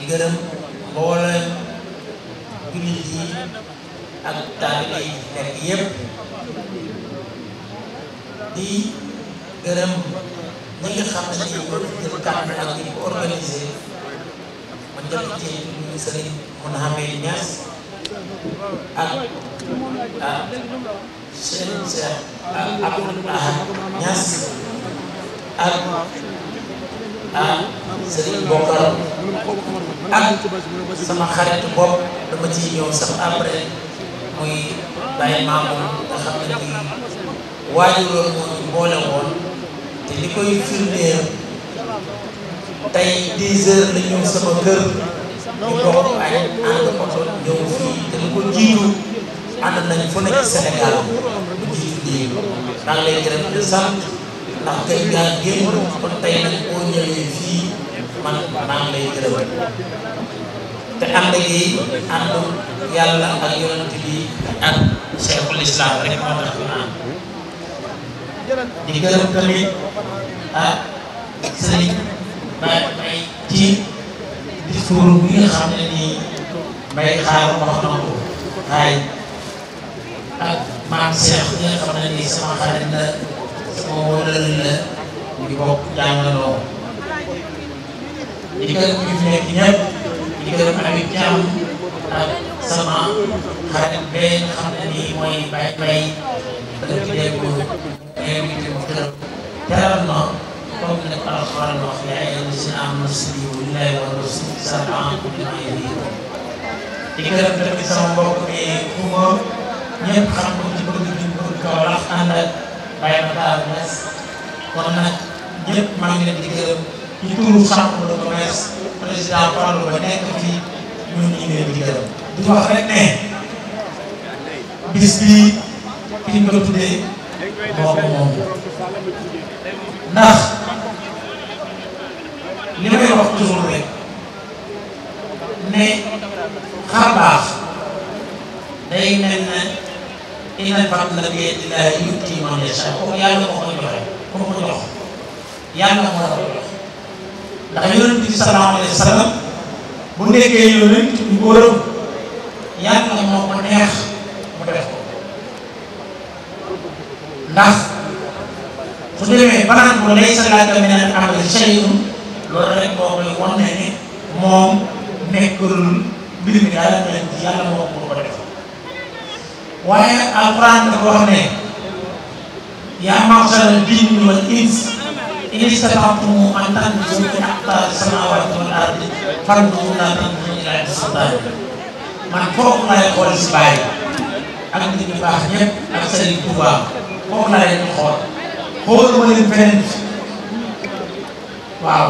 di gërëm mboolem jullit yi ak taalibe yi nekk di gërëm ñi nga xam ne nii ñoo jël kàddu ak ñi ko organisé ma njëkk ci nuyu sëriñ Mouhamed Niass ak ah ah Serigne Bokar ak sama xarit bopp dama ciy ñëw sax après muy bàyyi maamu nga xam ne nii waajuroon moo boole woon te li koy firndeel tey 10 heures la ñëw sama kër ñu bokk añ ànd oto ñëw fii te lu ko jiitu ànd nañ fu nekk Sénégal bu jiitu nii maa ngi lay gërëm di sant. ndax tey daa génn kon tey nag boo ñëwee fii man maa lay gërëm te ànd gi àndu yàlla ak yonent bi ak cheikhul islam rek moo tax ñu ànd di gërëm tamit ah sëriñ may may ci discours bi nga xam ne nii may xaar wax na ko waaye ak maam xam ne nii la sama wala la ne ñu di gërëm ñu fi nekk ñëpp di gërëm Habib Thiam ak sama xarit bee nga xam ne nii mooy bay bay dëkk bi dégg ko invité mu tëral teral na comme ni ko alxuraan wax yaa ayyuhaa llaziina aamanuu istajiibuu lillaahi wa rasuulihi saa'a kulli di gërëm tamit sama mbokk mi Kumba chambre de commerce président Fallou ba nekk fii ñun ñu ngi leen di gërëm di wax ne bis bi ki ñu ko tuddee moom ndax li may wax toujours rek ne xar day mel ne inna fadla biyadillaahi yu'tiihi man yashaa' yàlla moo koy joxe moo ko jox yàlla moo ndax yonent bi sallallahu alayhi wa sallam bu nekkee yonent ñu góoram yàlla moo ko neex mu def ndax su demee ba naan ko laysa laka min al-amri shay'un loolu rek moo koy wan ne ne moom nekkul mbir mi daal la leen yàlla moo ko def waaye alquran dafa wax ne yaa ma'shara al-jinni wal insi إن استطعتم أن تنجزوا من أقطار السماوات والأرض فانظروا لا تنظروا إلى السلطان man foofu laay xool si bàyyi ak nit ñu baax ñëpp ak Serigne Touba foofu laa leen xool xooluma leen feneen waaw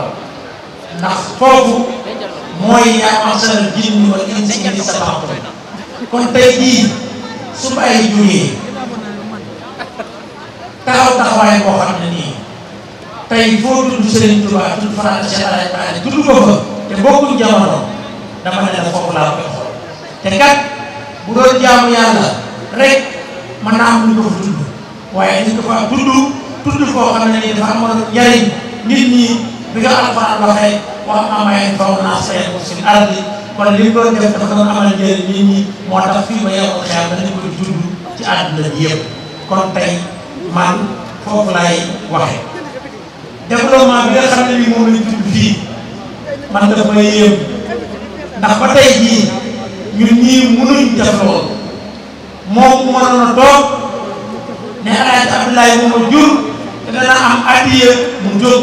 ndax foofu mooy yaa masal jinni wal insi illa istata'tum kon tey jii su bàyyi jógee taxaw taxawaay boo xam tey foo tudd Serigne Touba tudd Fane Cheikh Alaaj Maalik tudd ko fa te bokkuñ jamono dama ne la foofu laa koy xool te kat bu doon jaamu yàlla rek mën naa am lu ko fa tudd waaye li ko fa tudd tudd foo xam ne nii dafa amoon njariñ nit ñi bi nga alxuraan waxee wa ammaa maa yanfa'u-n-naasa fayaanfa'uuna fil ardi kon li doon def dafa doon amal njëriñ nit ñi moo tax fii ba yowal xel dañu koy tudd ci àdduna bi yëpp kon tey man foofu laay waxee. développement bi nga xam ne ni moom lañ tudd fii man daf may ndax ba tey jii ñun ñii mënuñ def loolu moom mu mënoon a toog ne moom a jur te dana am addiya mu jóg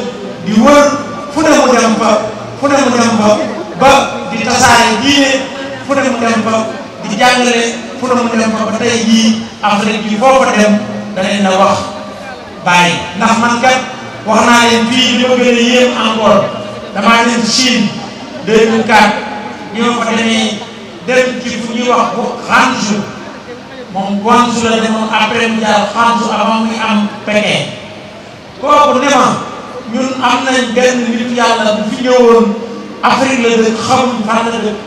di wër fu ne mu dem fa fu ne mu dem fa ba di tasaare diine fu ne mu dem fa di jàngale fu ne mu dem fa ba tey jii Afrique yi foo fa dem danañ la wax bàyyi ndax man kat. wax naa leen fii li ma gën a yéem encore damaa dem Chine 2004 ñoo fa demee dem ci fu ñuy wax bu moom Guangzhou la demoon après mu jaar Guangzhou avant muy am Pékin kooku ne ma ñun am nañ benn nit yàlla bu fi ñëwoon Afrique la dëkk xamuñ fan la dëkk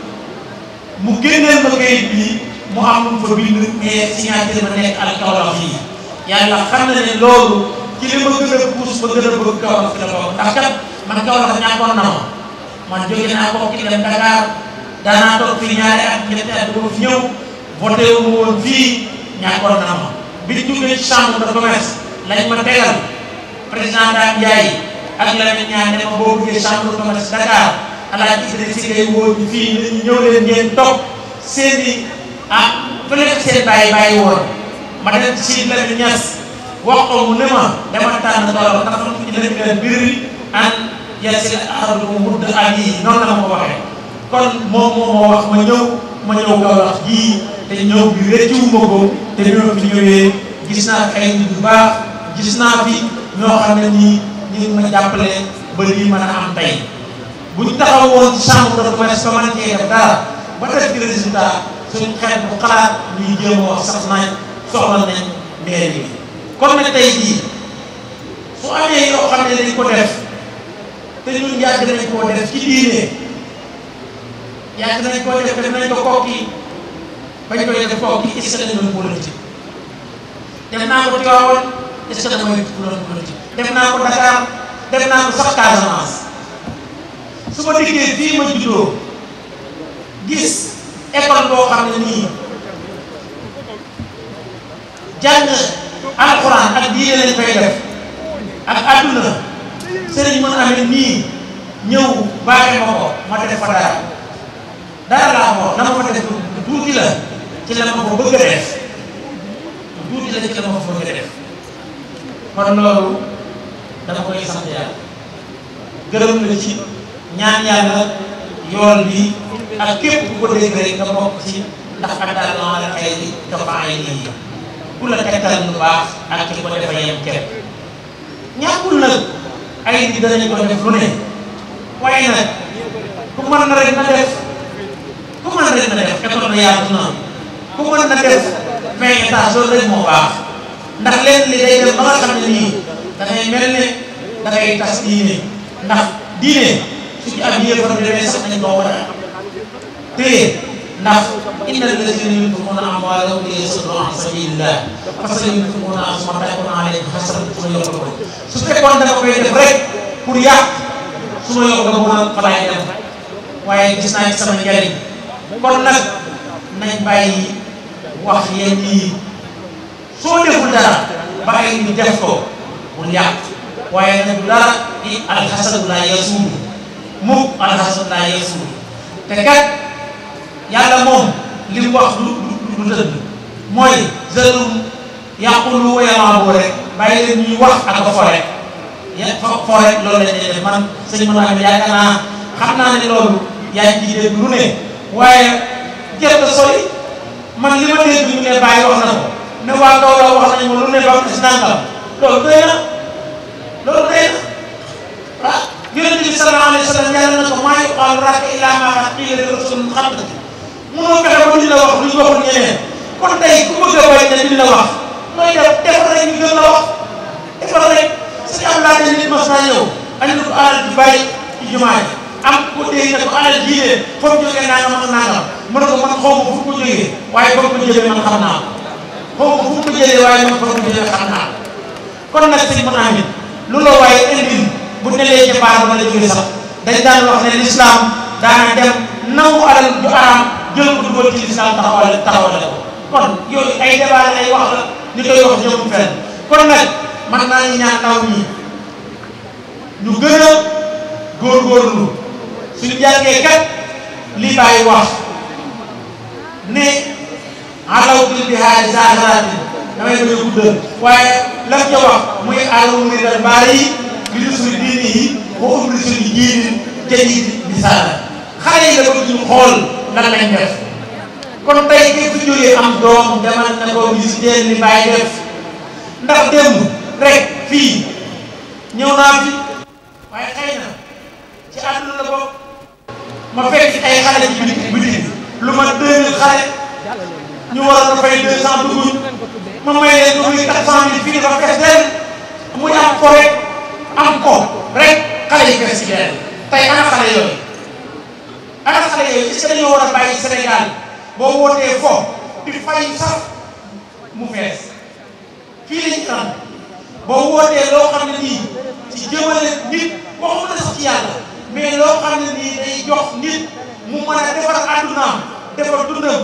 mu génneel ma kayit bi mu amul fa bind mais signature ma nekk ak Kaolack yi yàlla xam na ne loolu. ci li ma gën a puus ba gën a bëgg Kaolack fi la bokk ndax kat man Kaolack ñàkkoon na ma man jóge naa ko ki dem Dakar daanaa toog fii ñaari at ñetti at ba fi ñëw voté wu ma woon fii ñàkkoon na ma bi ñu jógee ci chambre de commerce lañ ma tegal président Dame Ndiaye ak Lamine Niane ne ma boo bëggee chambre de commerce Dakar alaaj Idrissa Gueye woo ñu fii ñu ñëw leen ngeen toog seen i ah fële seen bàyyi bàyyi woon ma dem ci Lamine Niass wax ko mu ne ma dama tànn tool ndax mu ci dëkk leen mbir mi la ma waxee kon moom moo ma wax ma ñëw ma ñëw Kaolack jii te ñëw bi rëccuwuma ko te bi fi ñëwee gis naa ay nit gis naa fi ñoo xam ne nii ñu ma jàppale ba lii mën a am tey buñ taxaw woon ci chambre de commerce ba mën cee def dara ba def ci résultat suñ xeet bu xalaat ñuy jéem wax sax nañ soxla nañ mairie bi kon nag tey jii su amee yoo xam ne dañ ko def te ñun yàgg nañ koo def ci diine yàgg nañ koo def def nañ ko kooki bañ koy def kooki est-ce que dañ doon politique def naa ko Tivaouane est-ce que damay doon politique def naa ko Dakar def naa ko sax Casamance su ma dikkee fii ma juddoo gis école boo xam ne nii jàng alxuraan ak diine lañ fay def ak adduna sëriñ mën amee nii ñëw baaxee ma ko ma def fa laa ko na ma fa def tuuti la ci la ma ko bëgg a def tuuti la ci la ma ko bëgg a def kon loolu dama koy sant yàlla gërëm la ci ñaan yàlla yool bi ak képp ku ko dégg rek nga bokk ci ndax ak maa la xëy bi nii ku la tekkal lu baax ak ki ko defa yem kenn ñàkkul nag ay nit danañu ko def lu ne waaye nag ku mën na rek na def ku mën na rek na def école na yaatu na ku mën na def vingt étage rek moo baax ndax leen li day dem ba nga xam ne nii dangay mel ne dangay tas diine ndax diine su ci am yéefar bi demee sax nañ koo war a téye ndax inna alladina yunfiquna amwaalahum li yasuddu an sabilillah fa sayunfiquna summa takunu alayhim hasanatun summa yughlabun su fekkoon dafa koy def rek pour yàq su ma yokk nga mën a falaay dem waaye gis naa ci sama njariñ kon nag nañ bàyyi wax yenn yi soo deful dara bàyyi ñu def ko bul yàq waaye nag dara di alxasadu laa yasuuru mukk alxasadu laa yasuuru te kat. yàlla moom li mu wax lu lu lu tëdd mooy zalum yàqulu wa yalaabu rek bàyyi leen ñuy wax a fo rek ya fo fo rek man sëñ Manouma bi yaakaar xam naa ne loolu yaa ngi ciy dégg ne waaye gerte sori man li ma dégg ñu ne bàyyi wax na ne waa Kaolack wax nañ ma lu ne ba si nangam loolu doy na loolu doy na ah yonent bi sallallahu alayhi wa sallam yàlla na ko maa yuqaalu laka illaa maa qiila li rasulin qad mënoo fexe ba lu ñu waxul kon tey ku bëgg a bañ ne dina wax def defal rek ñu gën la wax am laa ne nit mas alal di bàyyi ci jumaa ji am ko dégg ne ko de foofu jógee nangam ak nangam mu ne ko man xaw ma fu ko jógee waaye foofu ko jëlee man xam naa ko xaw ma fu man foofu ko lu la waaye indil bu nelee ca ba la jógee sax dañ daan wax ne l'islam daana dem nangu alal ju araam jël ko dugal ci lislaam taxawale taxawale ko kon yooyu ay débat ay wax la koy wax jëmul fenn kon nag man naa ñu ñaan ndaw ñi ñu gën a góorgóorlu suñu jàngee li bàyyi wax ne alaw bi di xaari saasaraati damay bëgg a guddal waaye lam ca wax muy alaw mi dal mbaar yi bi ñu suñu diini yi ba ubbi suñu jiinin ca di saala xale yi la bëgg ñu xool nan lañ def kon tey kii bu am doom demal na ko visiter li bàyyi def ndax démb rek fii ñëw naa fi waaye xëy na ci àdduna la bokk ma fekk ay xale ci biti lu ma deux mille xale ñu waroon a fay deux cent am ko am ko rek xale yi fees si leen tey ana xale yooyu naka xale yooyu est-ce a bàyyi Sénégal boo wootee fo di fay sax mu fees kii lañu am boo wootee loo xam ne nii ci jëmale nit waxuma la sax ci yàlla mais loo xam ne nii day jox nit mu mën a defar àddunaam defar dundam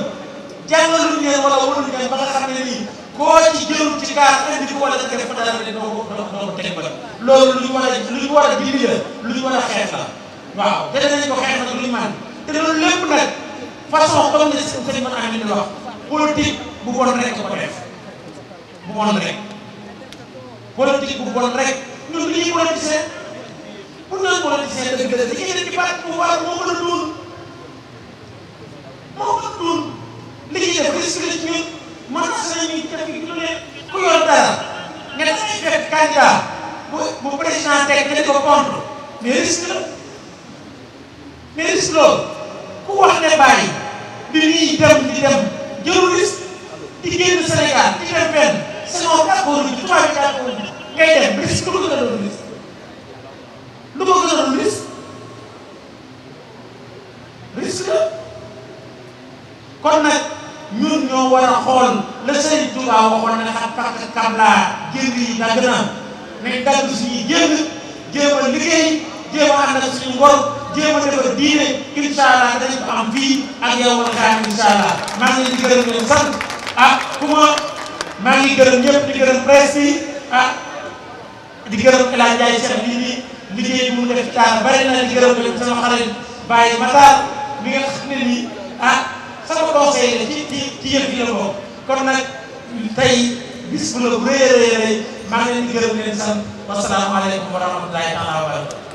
jàngaluñ leen wala waluñ leen ba nga xam ne nii koo ci jëlul ci gaar indi ko wala nga def loolu lu ñu war a lu ñu war a jindi lu ñu war a xeex la waaw jëlee nañ ko xeex nag lu ñu te loolu lépp nag façon comme ni sëñ mën a amin wax politique bu bon rek ko def bu bon rek politique bu bon rek ñun li ñuy politicien pour ñu politicien dëgg la dañuy yéene ci parti pouvoir moo mën a doon moo mën a doon li ñuy def risque la ci ñun mën naa seen ñuy def ñu ne ku yor dara nga def ay fekk candidat bu bu président teg nga di ko contre mais risque la mais risque loolu wax ne bàyyi bi di dem jëru risque di génn di dem benn sinon d'accord ji tubaab bi d'accord ji ngay dem risque lu ko gën a doon risque lu ko gën a doon risque risque la kon nag a xool la Serigne Touba waxoon ne xam fàq kablaa jënd na nañ dagg suñuy jënd jéem a liggéey jéem a ànd ak suñu ngor jéem a defar diine incha allah dañ ko am fii ak yow wala xaar incha allah maa ngi leen di gërëm leen sant ah ku ma maa ngi gërëm ñëpp di gërëm presse yi ah di gërëm El Hadj Ndiaye Cheikh lii nii liggéey bi mu def taar bari na di gërëm leen sama xarit Baye Matar mi nga xam ne nii ah sama conseil la ci ci ci yëf yi la bokk kon nag tey bis bu la bu rëy a rëy maa ngi leen di gërëm leen sant wasalaamaaleykum wa rahmatulahi taala wa barakatu